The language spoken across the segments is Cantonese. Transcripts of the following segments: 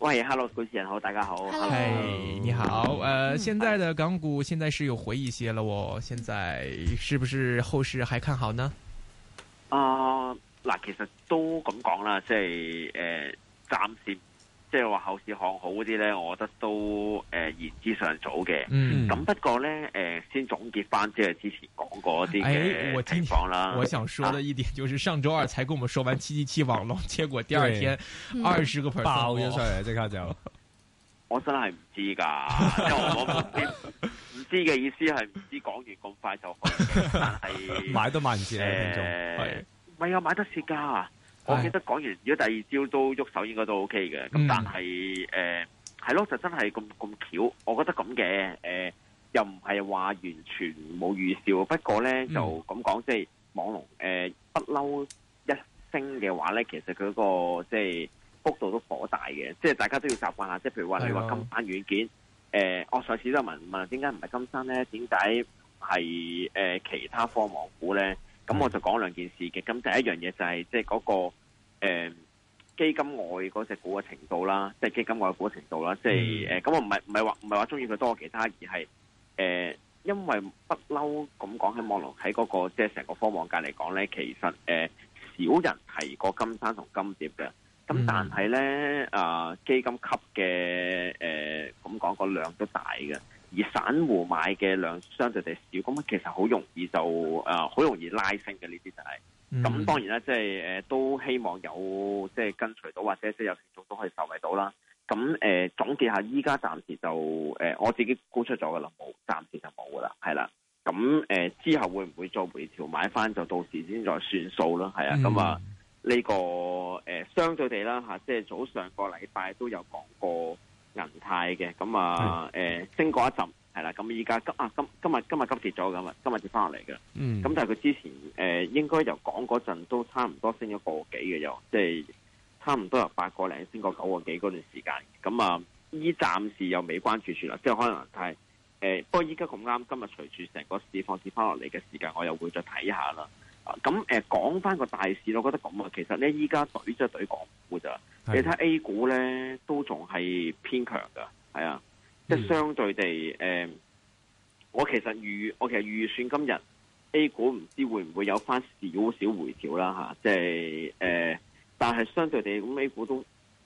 喂，Hello，主持人好，大家好。Hello，你好，誒、呃，嗯、現在的港股現在是有回一些了哦，現在是不是後市還看好呢？啊、呃，嗱，其實都咁講啦，即係誒，暫時。即係話後市看好啲咧，我覺得都誒言之尚早嘅。咁、嗯、不過咧，誒先總結翻，即係之前講過啲嘅情況啦。我想說的一點、啊、就是，上周二才跟我們說完七七七網絡，結果第二天二十個 percent 爆咗出嚟，即刻就，我真係唔知噶， 因為我唔知唔 知嘅意思係唔知講完咁快就開， 但係是買都買唔切嘅，係咪有買得蝕噶？我記得講完，如果第二朝都喐手應該都，應該都 OK 嘅。咁但係誒，係咯、呃，就真係咁咁巧。我覺得咁嘅誒，又唔係話完全冇預兆。不過咧就咁講，嗯、即係網龍誒不嬲一升嘅話咧，其實佢個即係幅度都頗大嘅。即係大家都要習慣下。即係譬如話，你話金山軟件誒、呃，我上次都問問點解唔係金山咧？點解係誒其他科網股咧？咁我就講兩件事嘅，咁第一樣嘢就係即係嗰個、呃、基金外嗰隻股嘅程度啦，即、就、係、是、基金外股嘅程度啦，即係誒咁我唔係唔係話唔係話中意佢多過其他，而係誒、呃、因為不嬲咁講起網龍喺嗰個即係成個科網界嚟講咧，其實誒少、呃、人提過金山同金蝶嘅，咁、嗯、但係咧啊基金級嘅誒咁講個量都大嘅。而散戶買嘅量相對地少，咁其實好容易就誒，好、呃、容易拉升嘅呢啲就係、是。咁、mm hmm. 當然啦，即係誒都希望有即係跟隨到，或者即係有羣眾都可以受惠到啦。咁誒、呃、總結下，依家暫時就誒、呃、我自己沽出咗嘅啦，冇暫時就冇噶啦，係啦。咁、呃、誒之後會唔會再回調買返？就到時先再算數啦。係啊，咁啊呢個誒、呃、相對地啦嚇，即係早上個禮拜都有講過。銀泰嘅咁啊，誒是、呃、升過一陣係啦，咁依家急啊，今今日今日急跌咗咁、嗯呃就是、啊，今日跌翻落嚟嘅，咁但係佢之前誒應該由港嗰陣都差唔多升咗個幾嘅，又即係差唔多由八個零升過九個幾嗰段時間，咁啊依暫時又未關注住啦，即係可能係誒、呃，不過依家咁啱，今日隨住成個市況跌翻落嚟嘅時間，我又會再睇下啦。咁誒講翻個大市，我覺得咁啊，其實咧依家對即係對港股就。你睇 A 股咧，都仲係偏強噶，係啊，即係相對地，誒、嗯呃，我其實預，我其實預算今日 A 股唔知會唔會有翻少少回調啦，啊、即係誒、呃，但係相對地，咁 A 股都，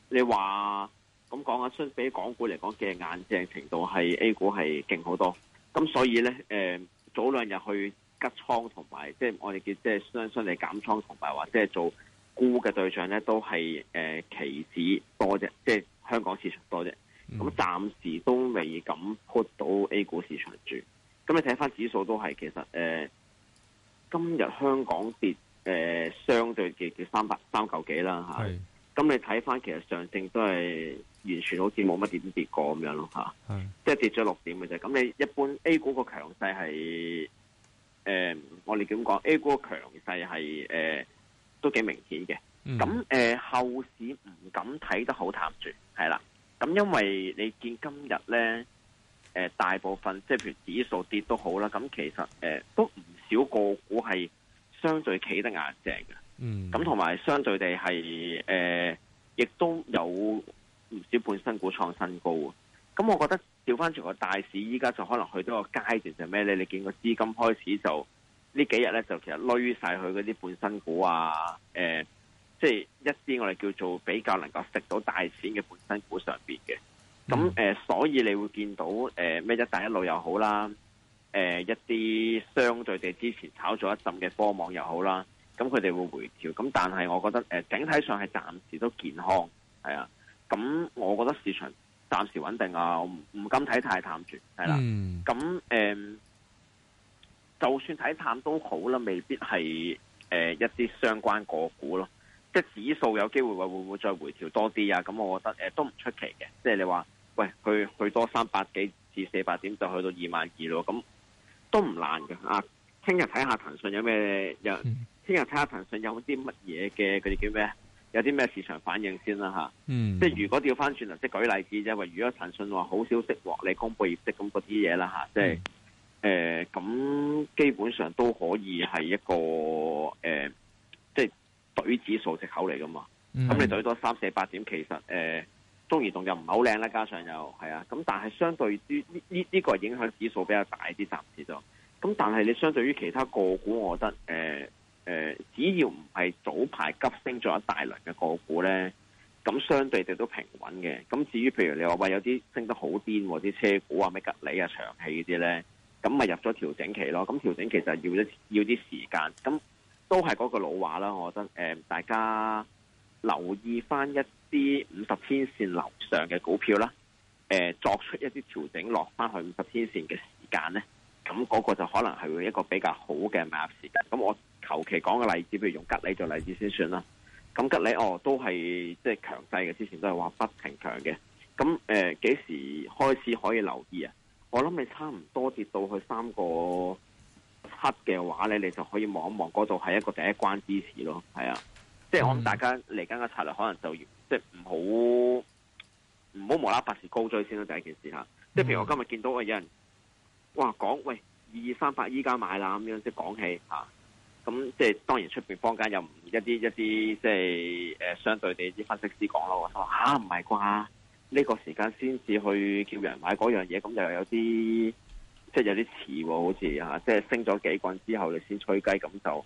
你話咁講啊，相比港股嚟講嘅硬淨程度係 A 股係勁好多，咁所以咧，誒、呃，早兩日去吉倉同埋，即係我哋叫即係相相地減倉同埋話，即係做。沽嘅對象咧都係誒期指多啫，即係香港市場多啫。咁、嗯、暫時都未敢 put 到 A 股市場住。咁你睇翻指數都係其實誒、呃，今日香港跌誒、呃，相對嘅叫三百三九幾啦嚇。相對企得硬正嘅，咁同埋相對地係誒，亦、呃、都有唔少半新股創新高啊！咁、嗯、我覺得調返轉個大市，依家就可能去到個階段，就咩咧？你見個資金開始就呢幾日咧，就其實攏晒去嗰啲半新股啊，誒、呃，即、就、係、是、一啲我哋叫做比較能夠食到大錢嘅半新股上邊嘅。咁、嗯、誒、嗯呃，所以你會見到誒咩？呃、什麼一帶一路又好啦。誒、呃，一啲相對地之前炒咗一陣嘅科網又好啦，咁佢哋會回調，咁但係我覺得誒，整、呃、體上係暫時都健康，係啊，咁我覺得市場暫時穩定啊，我唔敢睇太淡。住、啊，係啦、嗯，咁、呃、誒，就算睇淡都好啦，未必係誒、呃、一啲相關個股咯，即係指數有機會會會唔會再回調多啲啊？咁我覺得誒、呃、都唔出奇嘅，即係你話喂，去去多三百幾至四百點就去到二萬二咯，咁。都唔難嘅啊！聽日睇下騰訊有咩？又聽日睇下騰訊有啲乜嘢嘅佢叫咩？有啲咩市場反應先啦吓。即係、嗯、如果調返轉啊，即係舉例子啫。話如果騰訊話好消息獲，你公佈業績咁嗰啲嘢啦吓，即係誒，咁、呃、基本上都可以係一個誒、呃，即係對指數藉口嚟噶嘛。咁、嗯、你對多三四八點，其實誒。呃中移動就唔係好靚啦，加上又係啊，咁但係相對於呢呢呢個影響指數比較大啲，暫時就咁。但係你相對於其他個股，我覺得誒誒、呃呃，只要唔係早排急升咗一大輪嘅個股呢，咁相對地都平穩嘅。咁至於譬如你話喂，有啲升得好癲喎，啲車股啊，咩吉利啊、長氣啲呢，咁咪入咗調整期咯。咁調整期就係要，要一要啲時間，咁都係嗰句老話啦。我覺得誒、呃，大家留意翻一啲五十天線樓上嘅股票啦，誒作出一啲調整落翻去五十天線嘅時間咧，咁、那、嗰個就可能係會一個比較好嘅買入時間。咁我求其講個例子，譬如用吉利做例子先算啦。咁吉利哦都係即係強勢嘅，之前都係話不停強嘅。咁誒幾時開始可以留意啊？我諗你差唔多跌到去三個七嘅話咧，你就可以望一望嗰度係一個第一關支持咯。係啊。即係我諗，嗯、大家嚟緊嘅策略可能就即係唔好唔好無啦啦，百事高追先啦。第一件事嚇。即係譬如我今日見到有人哇講，喂二二三八依家買啦咁樣，即係講起，嚇、啊。咁即係當然出邊坊間又唔一啲一啲即係誒相對地啲分析師講咯，我話嚇唔係啩？呢、啊呢個時間先至去叫人買嗰樣嘢，咁就有啲即係有啲遲喎，好似嚇、啊。即係升咗幾棍之後，你先吹雞咁就。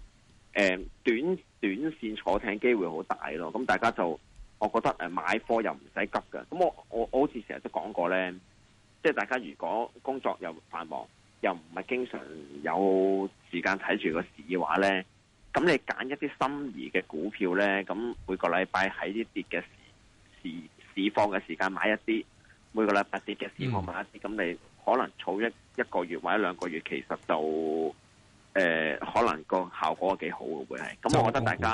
誒短短線坐艇機會好大咯，咁大家就我覺得誒買貨又唔使急嘅。咁我我，我好似成日都講過咧，即係大家如果工作又繁忙，又唔係經常有時間睇住個市嘅話咧，咁你揀一啲心儀嘅股票咧，咁每個禮拜喺啲跌嘅市市市況嘅時間買一啲，每個禮拜跌嘅市況買一啲，咁、嗯、你可能儲一一個月或者兩個月，其實就～誒、呃、可能個效果幾好嘅會係，咁我覺得大家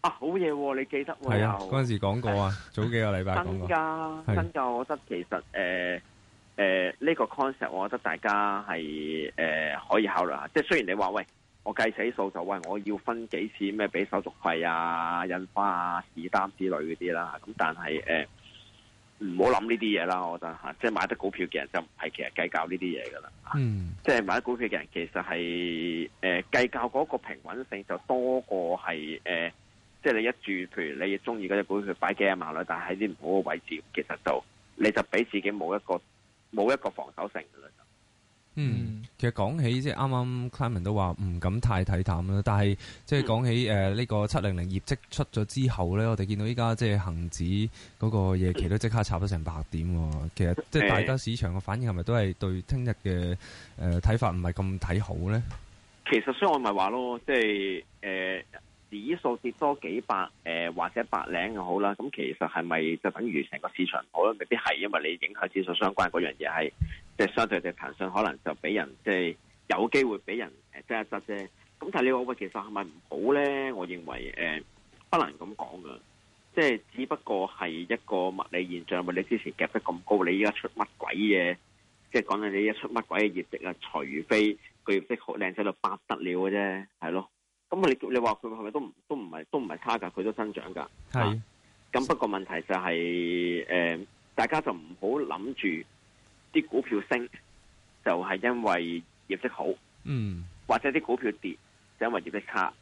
啊好嘢喎！你記得喎？係啊，嗰陣、啊、後時講過啊，啊早幾個禮拜新加的、啊、新教，我覺得其實誒誒呢個 concept，我覺得大家係、呃、可以考慮下。即係雖然你話喂，我計死數就喂，我要分幾次咩，俾手續費啊、印花啊、紙單之類嗰啲啦。咁但係誒。呃唔好諗呢啲嘢啦，我覺得嚇，即、啊、係、就是、買得股票嘅人就唔係其實計較呢啲嘢噶啦，嗯，即係買得股票嘅人其實係誒計較嗰個平穩性，就多過係誒，即、呃、係、就是、你一注譬如你中意嗰隻股票擺幾廿萬啦，但係喺啲唔好嘅位置，其實就你就俾自己冇一個冇一個防守性噶啦。嗯，其實講起即係啱啱 Clement 都話唔敢太睇淡啦，但係即係講起誒呢、嗯呃這個七零零業績出咗之後咧，我哋見到依家即係恒指嗰個夜期都即刻差咗成百點，其實即係大家市場嘅反應係咪都係對聽日嘅誒睇法唔係咁睇好咧？其實所以我咪話咯，即係誒指數跌多幾百誒、呃、或者百零又好啦，咁其實係咪就等於成個市場好咧？未必係，因為你影響指數相關嗰樣嘢係。即係相對，地，騰訊可能就俾人即係、就是、有機會俾人誒爭一爭啫。咁但係你話喂，其實係咪唔好咧？我認為誒、呃，不能咁講噶。即係只不過係一個物理現象。你之前夾得咁高，你依家出乜鬼嘢？即係講緊你一出乜鬼嘅業績是啊？除非佢業績好靚仔到不得了嘅啫，係咯。咁你你話佢係咪都唔都唔係都唔係差噶？佢都增長噶。係。咁不過問題就係、是、誒、呃，大家就唔好諗住。啲股票升就係因為業績好，嗯，或者啲股票跌，就因為業績差，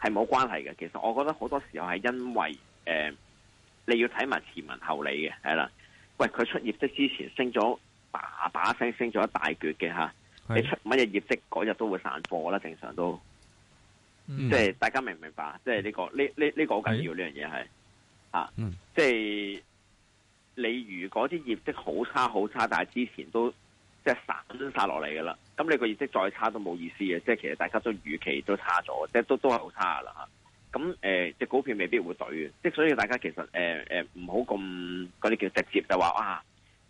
係冇關係嘅。其實我覺得好多時候係因為，誒，你要睇埋前文後理嘅，係啦。喂，佢出業績之前升咗，把把聲升咗一大橛嘅吓，是你出乜嘢業績嗰日都會散貨啦，正常都。嗯，即係大家明唔明白？即係呢個呢呢呢個好緊要，呢樣嘢係啊，嗯，即係。你如果啲業績好差好差，但係之前都即係散曬落嚟噶啦，咁你個業績再差都冇意思嘅，即係其實大家都預期都差咗，即係都都係好差噶啦。咁誒，隻、呃那個、股票未必會對嘅，即係所以大家其實誒誒唔好咁嗰啲叫直接就話啊，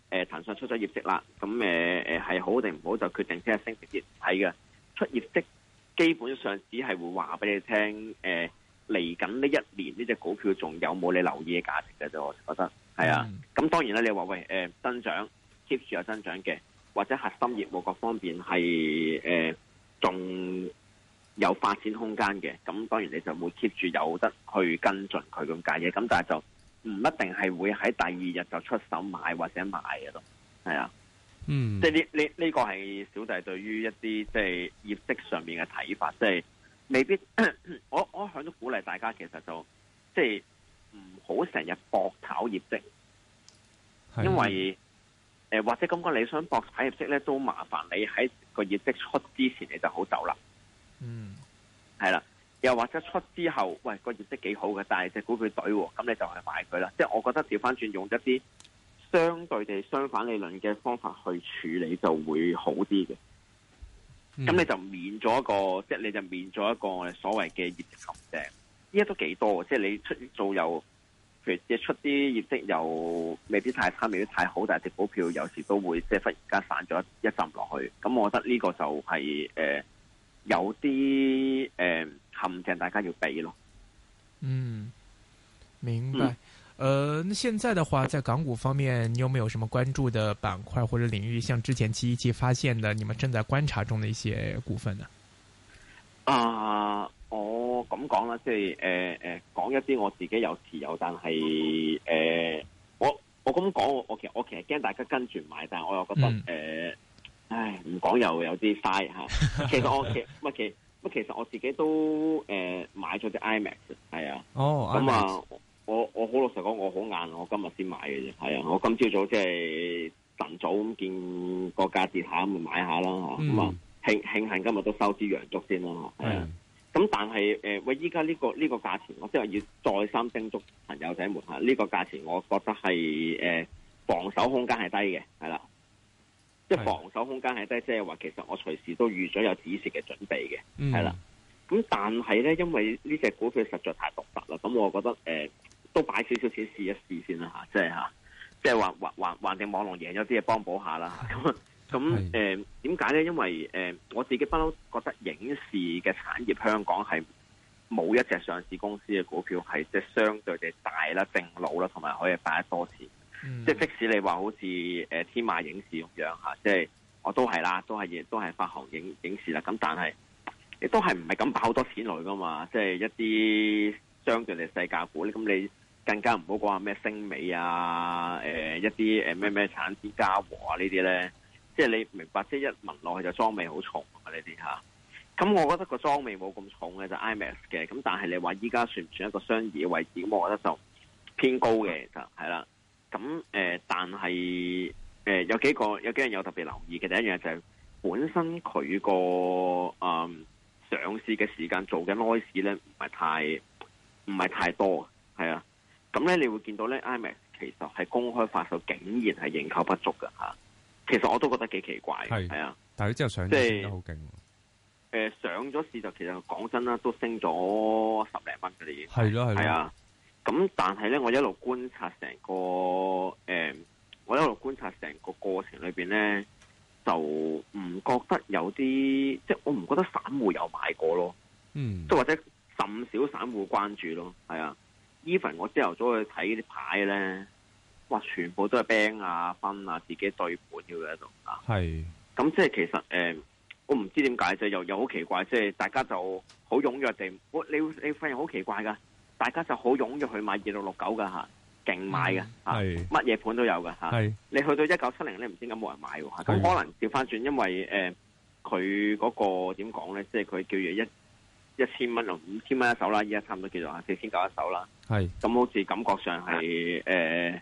誒、呃、騰訊出咗業績啦，咁誒誒係好定唔好就決定即係升跌睇嘅出業績，基本上只係會話俾你聽誒嚟緊呢一年呢隻股票仲有冇你留意嘅價值嘅啫，我覺得。係啊，咁當然啦，你話喂，誒、呃、增長 keep 住有增長嘅，或者核心業務各方面係誒仲有發展空間嘅，咁當然你就會 keep 住有得去跟進佢咁解嘅，咁但係就唔一定係會喺第二日就出手買或者賣嘅咯，係啊，嗯，即係呢呢呢個係小弟對於一啲即係業績上面嘅睇法，即係未必，咳咳我我響都鼓勵大家，其實就即係。就是唔好成日搏炒業績，因為誒的或者咁講，你想搏炒業績咧都麻煩你喺個業績出之前你就好走啦。嗯，係啦，又或者出之後，喂，個業績幾好嘅，但係隻股票隊，咁、嗯、你就去買佢啦。即係我覺得調翻轉用一啲相對地相反理論嘅方法去處理就會好啲嘅。咁你就免咗一個，嗯、即係你就免咗一個所謂嘅業績。依家都幾多嘅，即係你出做又，譬如出啲業績又未必太差，未必太好，但係隻股票有時都會即係忽然間散咗一浸落去，咁我覺得呢個就係、是、誒、呃、有啲誒陷阱，呃、大家要避咯。嗯，明白。誒、嗯呃，那現在嘅話，在港股方面，你有沒有什麼關注的板塊或者領域？像之前期期發現的，你們正在觀察中的一些股份呢？啊。呃咁講，啦，即係誒誒講一啲我自己有持有，但係誒、呃、我我咁講，我其實我其實驚大家跟住買，但係我又覺得誒、嗯呃，唉唔講又有啲嘥嚇。其實我其唔其唔其實我自己都誒、呃、買咗隻 IMAX 係啊。哦，咁啊，我我好老實講，我好晏。我今日先買嘅啫。係啊，我今朝早即係晨早咁見個價跌下，咁咪買下啦嚇。咁、嗯、啊慶慶幸今日都收支陽燭先啦嚇。啊。嗯咁但係誒喂，依家呢個呢，這個價錢，我即係要再三叮囑朋友仔們吓，呢，這個價錢我覺得係誒、呃、防守空間係低嘅，係啦，即係的防守空間係低，即係話其實我隨時都預咗有止蝕嘅準備嘅，係啦、嗯。咁但係咧，因為呢隻股票實在太獨特啦，咁我覺得誒、呃、都擺少少錢試一試先啦吓，即係吓，即係話定網絡贏咗啲嘢幫補下啦。咁咁誒，點解咧？因為誒、呃、我自己不嬲覺得。是嘅產業，香港係冇一隻上市公司嘅股票係即係相對地大啦，定老啦，同埋可以擺得多錢。即係即使你話好似誒、呃、天馬影視咁樣吓，即係我都係啦，都係亦都係發行影影視啦。咁但係你都係唔係咁賺好多錢來噶嘛？即係一啲相對嘅細價股咁，你更加唔好講話咩星美啊，誒、呃、一啲誒咩咩產子嘉禾啊呢啲咧，即係你明白？即係一聞落去就莊味好重。咁我覺得個裝味冇咁重嘅，就是、IMAX 嘅。咁但係你話依家算唔算一個商業嘅位置？我覺得就偏高嘅就係啦。咁誒、呃，但係誒、呃、有幾個有幾樣有特別留意嘅，第一樣就係本身佢個誒上市嘅時間做緊內市咧，唔係太唔係太多嘅，係啊。咁咧你會見到咧 IMAX 其實係公開發售，竟然係認購不足嘅嚇，啊。其實我都覺得幾奇怪，係是啊。但係佢之後上市係好勁。誒、呃，上咗市就其實講真啦，都升咗十零蚊嘅，啲嘢係咯，係啊。咁但係咧，我一路觀察成個誒、呃，我一路觀察成個過程裏邊咧，就唔覺得有啲，即係我唔覺得散戶有買過咯。嗯，即或者甚少散戶關注咯，係啊。Even 我朝頭早去睇啲牌咧，哇，全部都係兵啊、分啊，自己對盤嘅嗰一啊。係，咁即係其實誒。呃我唔知點解就又又好奇怪，即係大家就好踴躍地，你你發現好奇怪噶，大家就好踴躍去買二六六九噶吓，勁買嘅吓，乜嘢盤都有噶吓。是你去到一九七零咧，唔知點解冇人買喎咁是可能調翻轉，因為誒佢嗰個點講咧，即係佢叫住一一千蚊到五千蚊一手啦，依家差唔多叫做四千九一手啦。係咁是好似感覺上係誒是、呃、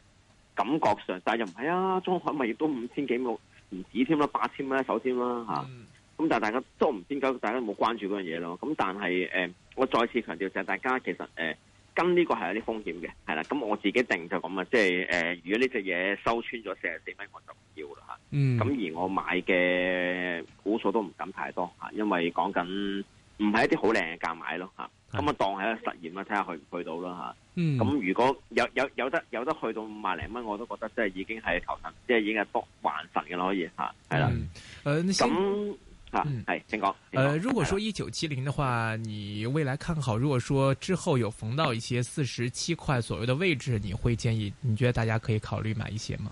感覺上，但係又唔係啊，中海咪亦都五千幾冇唔止添啦，八千蚊一手添啦吓。啊嗯咁但係大家都唔知點解大家有冇關注嗰樣嘢咯。咁但係誒、呃，我再次強調就係大家其實誒、呃、跟呢個係有啲風險嘅，係啦。咁我自己定就咁啊，即係誒、呃，如果呢隻嘢收穿咗四十四蚊，我就唔要啦嚇。咁、嗯啊、而我買嘅股數都唔敢太多嚇，因為講緊唔係一啲好靚嘅價買咯嚇。咁啊，啊嗯、我當係一個實驗啦，睇下去唔去到啦嚇。咁、啊啊嗯嗯、如果有有有得有得去到五萬零蚊，我都覺得即係已經係求神，即係已經係多還神嘅咯，可以嚇。係、啊、啦。咁。啊，係、嗯，請講。呃，如果說一九七零嘅話，你未來看好？如果說之後有逢到一些四十七塊左右嘅位置，你會建議？你覺得大家可以考慮買一些嗎？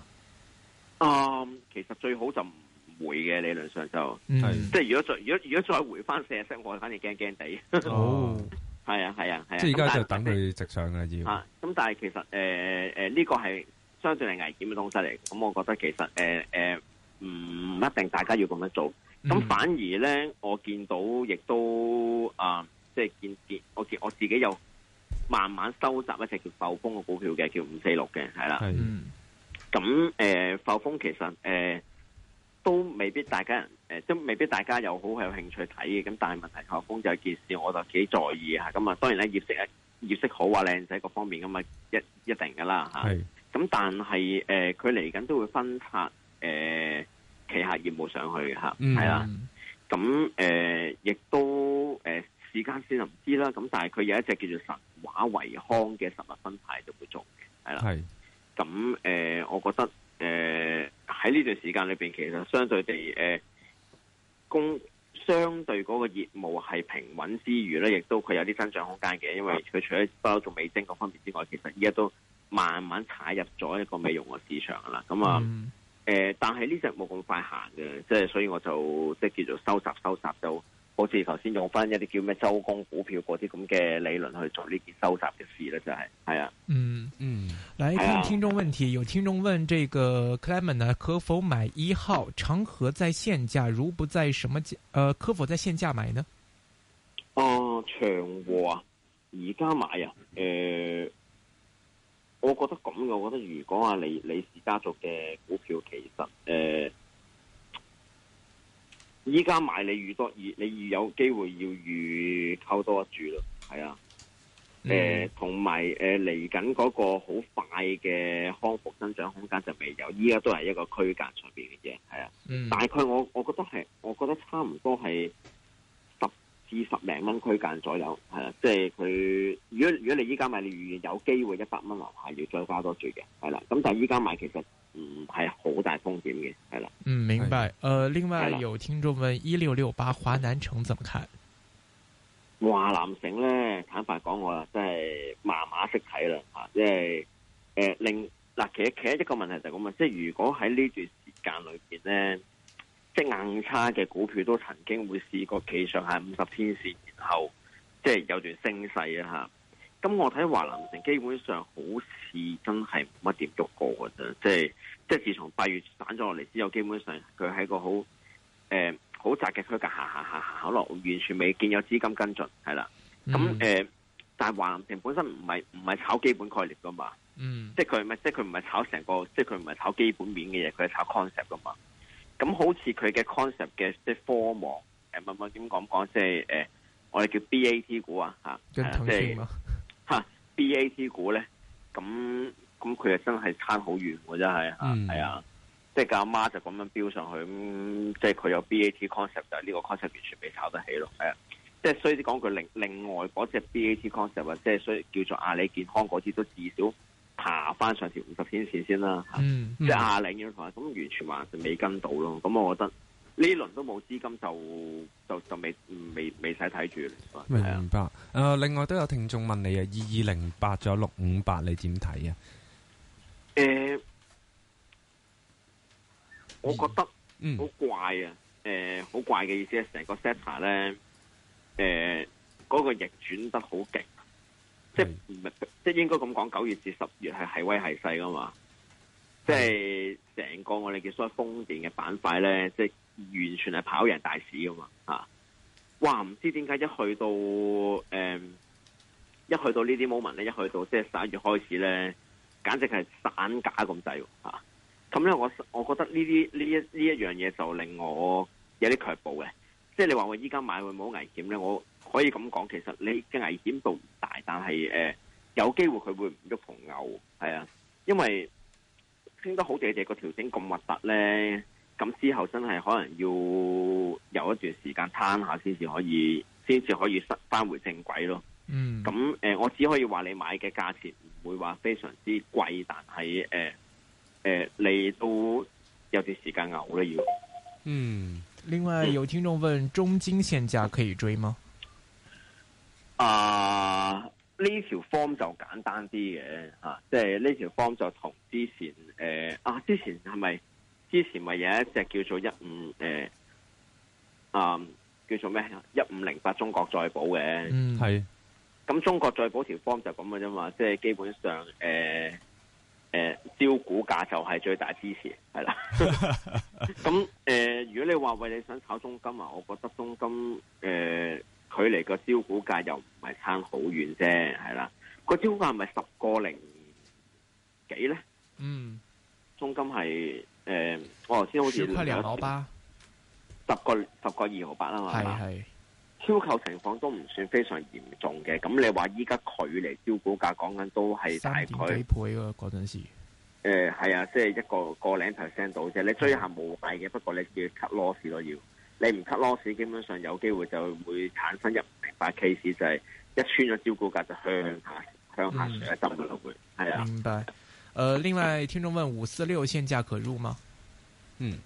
嗯，其實最好就唔回嘅，理論上就係，嗯、是即係如果再如果如果再回翻四十七，我反而驚驚地。哦，係 啊，係啊，係啊。即係而家就等佢直上嘅要。啊，咁、嗯、但係其實誒誒呢個係相對係危險嘅東西嚟，咁、嗯、我覺得其實誒誒唔一定大家要咁樣做。咁、嗯、反而咧，我見到亦都啊，即係見見我自我自己有慢慢收集一隻叫阜豐嘅股票嘅，叫五四六嘅，係啦。咁誒的、呃、阜豐其實誒、呃、都未必大家誒、呃、都未必大家有好有興趣睇嘅，咁但係問題阜豐就一件事，我就幾在意嚇。咁啊，當然咧業績啊業績好啊靚仔各方面咁啊一一定噶啦嚇。咁、啊、的但係誒佢嚟緊都會分拆誒。呃旗下業務上去嘅係、嗯、啦，咁誒亦都誒、呃、時間先又唔知啦，咁但係佢有一隻叫做神話維康嘅實物分派就會做嘅，係、嗯、啦，咁誒、呃，我覺得誒喺呢段時間裏邊，其實相對地誒，供、呃、相對嗰個業務係平穩之餘咧，亦都佢有啲增長空間嘅，因為佢除咗包做美精各方面之外，其實而家都慢慢踩入咗一個美容嘅市場啦，咁啊。嗯誒，但係呢隻冇咁快行嘅，即係所以我就即係叫做收集收集，就好似頭先用翻一啲叫咩周公股票嗰啲咁嘅理論去做呢件收集嘅事咧，就係係啊，嗯嗯，來看聽眾問題，有聽眾問這個 Clement 呢可否買一號長和在現價？如不在什麼價？誒、呃，可否在現價買呢？哦、嗯嗯呃呃，長和啊，而家買啊，誒、呃。我覺得咁嘅，我覺得如果阿李李氏家族嘅股票，其實誒，依、呃、家買你愈多，越你越有機會要越溝多一注咯，係啊。誒、嗯，同埋誒，嚟緊嗰個好快嘅康復增長空間就未有，依家都係一個區間上邊嘅嘢，係啊。嗯、大概我我覺得係，我覺得差唔多係。至十零蚊區間左右，係啦，即係佢如果如果你依家買，你有有機會一百蚊樓下要再加多注嘅，係啦。咁但係依家買其實唔係好大風險嘅，係啦。嗯，明白。誒、呃，另外有聽眾問：一六六八華南城怎麼看？嗯呃、華南城咧，坦白講我啊，真係麻麻識睇啦，吓，即係誒，另嗱，其實其實一個問題就係咁啊，即係如果喺呢段時間裏邊咧。即硬差嘅股票都曾經會試過企上下五十天線，然後即係有段升勢啊！嚇，咁我睇華南城基本上好似真係冇乜點喐過嘅啫，即係即係自從八月散咗落嚟之後，基本上佢喺個好誒好窄嘅區間下下下下落，可能我完全未見有資金跟進，係啦。咁誒、嗯呃，但係華南城本身唔係唔係炒基本概念噶嘛，嗯，即係佢唔係即係佢唔係炒成個，即係佢唔係炒基本面嘅嘢，佢係炒 concept 噶嘛。咁好似佢嘅 concept 嘅即係科網誒，乜乜點講講，即係誒、嗯嗯就是呃，我哋叫 B A T 股啊，吓、嗯，即係吓 B A T 股咧，咁咁佢係真係差好遠，我真係吓，係啊，即係個阿媽就咁、是、 樣標上去，咁即係佢有 B A T concept 就係呢、這個 concept 完全未炒得起咯，係啊，即係所以講佢另另外嗰隻 B A T concept 啊，即係所以叫做阿里健康嗰啲都至少。爬翻上條五十天線先啦，即係阿領嗰台咁完全還係未跟到咯。咁我覺得呢輪都冇資金就，就就就未未未使睇住。明白。誒、呃，另外都有聽眾問你啊，二二零八仲有六五八，你點睇啊？誒，我覺得好怪啊！誒、嗯，好、欸、怪嘅意思係成個 setter 咧，誒、欸，嗰、那個逆轉得好勁。即唔係，即應該咁講，九月至十月係係威係勢噶嘛，即係成個我哋叫所謂風電嘅板塊咧，即、就、係、是、完全係跑贏大市噶嘛，吓、啊，哇唔知點解一去到誒、嗯，一去到呢啲 moment 咧，一去到即係十一月開始咧，簡直係散架咁滯，吓、啊，咁咧我我覺得呢啲呢一呢一樣嘢就令我有啲卻步嘅。即係你話我依家買會唔會危險咧？我可以咁講，其實你嘅危險度唔大，但係誒、呃、有機會佢會唔喐同牛，係啊，因為升得好地哋個調整咁核突咧，咁之後真係可能要有一段時間攤下先至可以，先至可以失翻回正軌咯。嗯，咁誒、呃，我只可以話你買嘅價錢唔會話非常之貴，但係誒誒你都有一段時間牛咧要，嗯。另外有聽眾問：嗯、中金現價可以追嗎？啊，呢條方就簡單啲嘅，吓，即係呢條方就同之前誒、呃，啊之前係咪？之前咪有一隻叫做一五誒，啊叫做咩？一五零八中國再保嘅，係、嗯。咁中國再保條方就咁嘅啫嘛，即係基本上誒誒招股價就係最大支持，係啦。咁誒。 呃如果你話喂你想炒中金啊，我覺得中金誒、呃、距離個招股價又唔係差好遠啫，係啦，個招股價係咪十個零幾咧？嗯，中金係誒、呃，我頭先好似十塊兩毫八，十個十個二毫八啊嘛，係係的。超購情況都唔算非常嚴重嘅，咁你話依家距離招股價講緊都係大概幾倍嗰陣時誒，係、嗯、啊，即係一個一個零 percent 到啫。嗯、你追下冇計嘅，不過你要 cut loss 咯，要你唔 cut loss，基本上有機會就會產生一明白 case，就係一穿咗招股價就向下向下上，一針嘅路會係啊，嗯，得。誒，另外聽眾問：五四六現價可入嗎？嗯，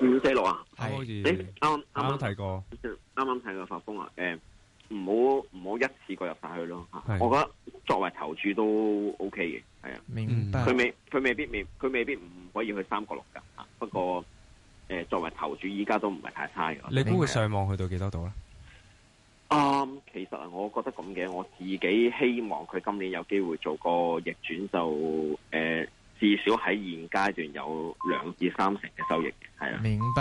五四六啊，係誒、嗯，啱啱啱啱睇過，啱啱睇過，發瘋啊，誒、嗯。唔好唔好一次過入晒去咯，是我覺得作為投注都 O K 嘅，係啊，佢白未佢未必未佢未必唔可以去三角六噶不過誒、呃、作為投注依家都唔係太差嘅。你估會上望去到幾多度咧？啱白、嗯，其實我覺得咁嘅，我自己希望佢今年有機會做個逆轉，就、呃、誒至少喺現階段有兩至三成嘅收益，係啊。明白